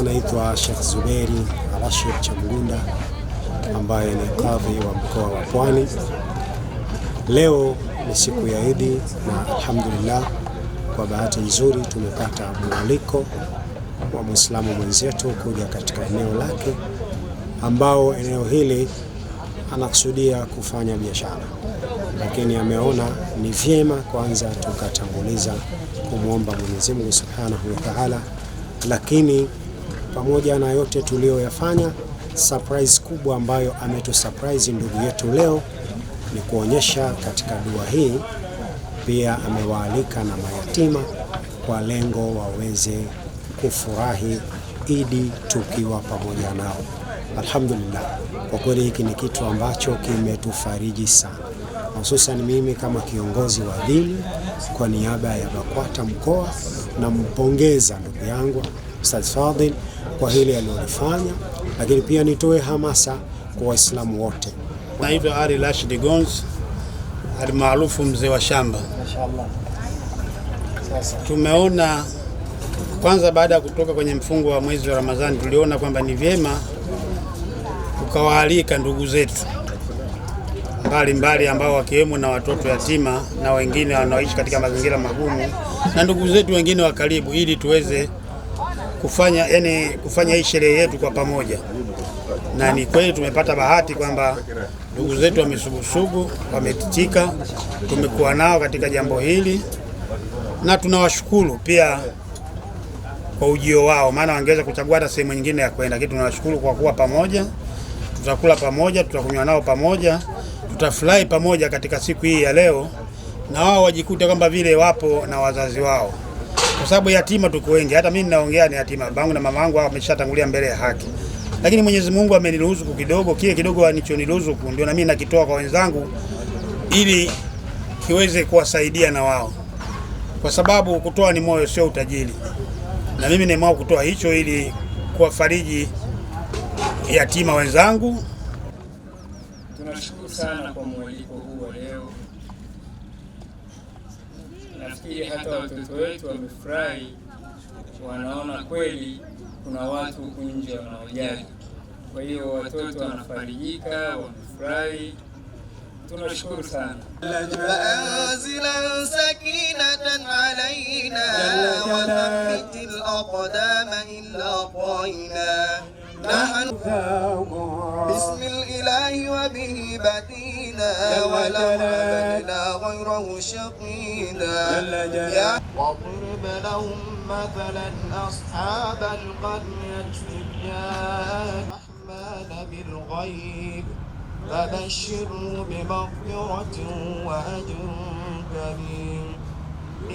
anaitwa Sheikh Zuberi Alashir Chamgunda ambaye ni kadhi wa mkoa wa Pwani. Leo ni siku ya Idi na alhamdulillah, kwa bahati nzuri tumepata mwaliko wa Mwislamu mwenzetu kuja katika eneo lake, ambao eneo hili anakusudia kufanya biashara, lakini ameona ni vyema kwanza tukatanguliza kumwomba Mwenyezi Mungu Subhanahu wa Ta'ala, lakini pamoja na yote tuliyoyafanya, surprise kubwa ambayo ametusurprise ndugu yetu leo ni kuonyesha katika dua hii pia amewaalika na mayatima kwa lengo waweze kufurahi Idi tukiwa pamoja nao. Alhamdulillah, kwa kweli hiki ni kitu ambacho kimetufariji sana, hususan mimi kama kiongozi wa dini kwa niaba ya BAKWATA mkoa, nampongeza ndugu yangu Ustadh Fadhil kwa hili alilofanya, lakini pia nitoe hamasa kwa Waislamu wote. Na hivyo Ali Rashid Gonz almaarufu mzee wa shamba, Sasa tumeona kwanza, baada ya kutoka kwenye mfungo wa mwezi wa Ramadhani, tuliona kwamba ni vyema tukawaalika ndugu zetu mbalimbali ambao wakiwemo na watoto yatima na wengine wanaoishi katika mazingira magumu na ndugu zetu wengine wa karibu, ili tuweze kufanya, yani kufanya hii sherehe yetu kwa pamoja, na ni kweli tumepata bahati kwamba ndugu zetu wamesugusugu wametitika, tumekuwa nao katika jambo hili na tunawashukuru pia kwa ujio wao, maana wangeweza kuchagua hata sehemu nyingine ya kwenda, lakini tunawashukuru kwa kuwa pamoja. Tutakula pamoja, tutakunywa nao pamoja, tutafurahi pamoja katika siku hii ya leo, na wao wajikute kwamba vile wapo na wazazi wao kwa sababu yatima tuko wengi. Hata mimi ninaongea ni yatima, babangu na mamangu wameshatangulia mbele ya haki, lakini Mwenyezi Mungu ameniruhusu kidogo, kile kidogo kwa ndio na mimi nakitoa kwa wenzangu ili kiweze kuwasaidia na wao, kwa sababu kutoa ni moyo, sio utajiri, na mimi nimeamua kutoa hicho ili kuwafariji yatima wenzangu. Tunashukuru sana kwa mwaliko huu wa leo nafikiri hata watoto wetu wamefurahi, wanaona kweli kuna watu huku nje wanaojali. Kwa hiyo watoto wanafarijika, wamefurahi, tunashukuru sana. Bismillahi wa bihi badina wa la أو شقيلا واضرب لهم مثلا أصحاب القرية جاء الرحمن بالغيب فبشروا بمغفرة وأجر كريم